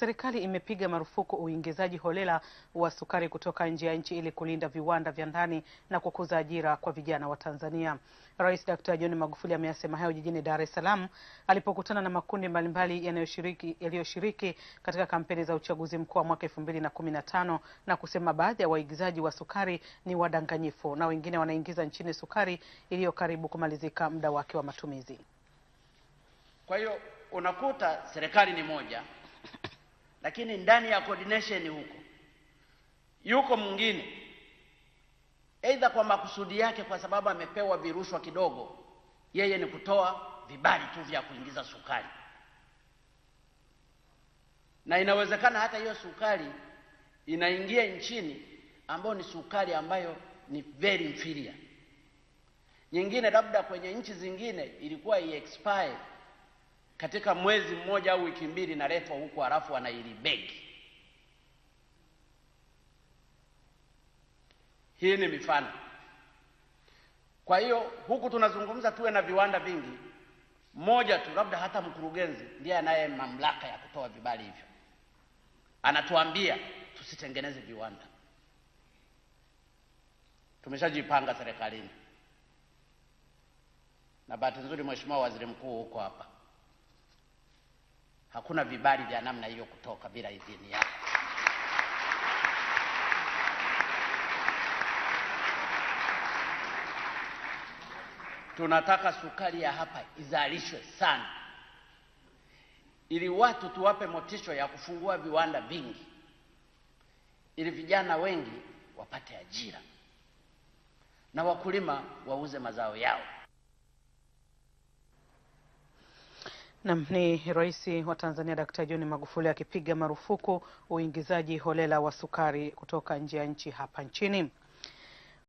Serikali imepiga marufuku uingizaji holela wa sukari kutoka nje ya nchi ili kulinda viwanda vya ndani na kukuza ajira kwa vijana wa Tanzania. Rais Dr. John Magufuli ameyasema hayo jijini Dar es Salaam alipokutana na makundi mbalimbali yaliyoshiriki katika kampeni za uchaguzi mkuu wa mwaka mbili na, na kusema baadhi ya waigizaji wa sukari ni wadanganyifu na wengine wanaingiza nchini sukari iliyo karibu kumalizika muda wake wa matumizi. Kwa hiyo unakuta serikali ni moja lakini ndani ya coordination huko yuko mwingine, aidha kwa makusudi yake, kwa sababu amepewa virushwa kidogo, yeye ni kutoa vibali tu vya kuingiza sukari, na inawezekana hata hiyo sukari inaingia nchini ambayo ni sukari ambayo ni very inferior. Nyingine labda kwenye nchi zingine ilikuwa iexpire katika mwezi mmoja au wiki mbili naletwa huku, halafu anailibegi. Hii ni mifano. Kwa hiyo huku tunazungumza tuwe na viwanda vingi, mmoja tu, labda hata mkurugenzi ndiye anaye mamlaka ya kutoa vibali hivyo, anatuambia tusitengeneze viwanda. Tumeshajipanga serikalini, na bahati nzuri Mheshimiwa Waziri Mkuu huko hapa Hakuna vibali vya namna hiyo kutoka bila idhini yako. Tunataka sukari ya hapa izalishwe sana, ili watu tuwape motisho ya kufungua viwanda vingi, ili vijana wengi wapate ajira na wakulima wauze mazao yao. Nam ni Rais wa Tanzania Dkt. John Magufuli akipiga marufuku uingizaji holela wa sukari kutoka nje ya nchi hapa nchini.